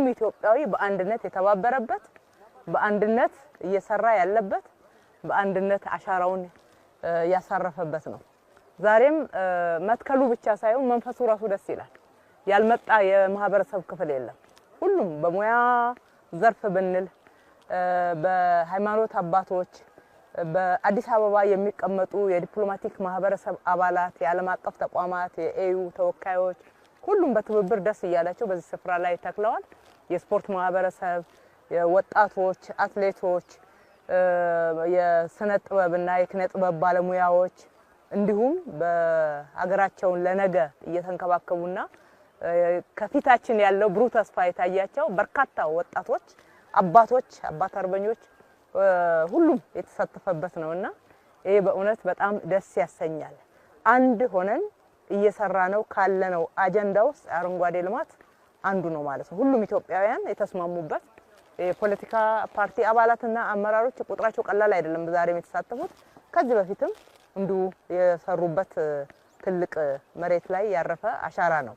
ሁሉም ኢትዮጵያዊ በአንድነት የተባበረበት በአንድነት እየሰራ ያለበት በአንድነት አሻራውን ያሳረፈበት ነው። ዛሬም መትከሉ ብቻ ሳይሆን መንፈሱ ራሱ ደስ ይላል። ያልመጣ የማህበረሰብ ክፍል የለም። ሁሉም በሙያ ዘርፍ ብንል፣ በሃይማኖት አባቶች፣ በአዲስ አበባ የሚቀመጡ የዲፕሎማቲክ ማህበረሰብ አባላት፣ የዓለም አቀፍ ተቋማት፣ የኤዩ ተወካዮች ሁሉም በትብብር ደስ እያላቸው በዚህ ስፍራ ላይ ተክለዋል። የስፖርት ማህበረሰብ፣ ወጣቶች፣ አትሌቶች፣ የስነ ጥበብና የኪነ ጥበብ ባለሙያዎች እንዲሁም በሀገራቸውን ለነገ እየተንከባከቡና ከፊታችን ያለው ብሩህ ተስፋ የታያቸው በርካታ ወጣቶች፣ አባቶች፣ አባት አርበኞች ሁሉም የተሳተፈበት ነውና ይሄ በእውነት በጣም ደስ ያሰኛል። አንድ ሆነን እየሰራ ነው ካለ ነው አጀንዳ ውስጥ አረንጓዴ ልማት አንዱ ነው ማለት ነው። ሁሉም ኢትዮጵያውያን የተስማሙበት የፖለቲካ ፓርቲ አባላትና አመራሮች ቁጥራቸው ቀላል አይደለም፣ ዛሬም የተሳተፉት ከዚህ በፊትም እንዲሁ የሰሩበት ትልቅ መሬት ላይ ያረፈ አሻራ ነው።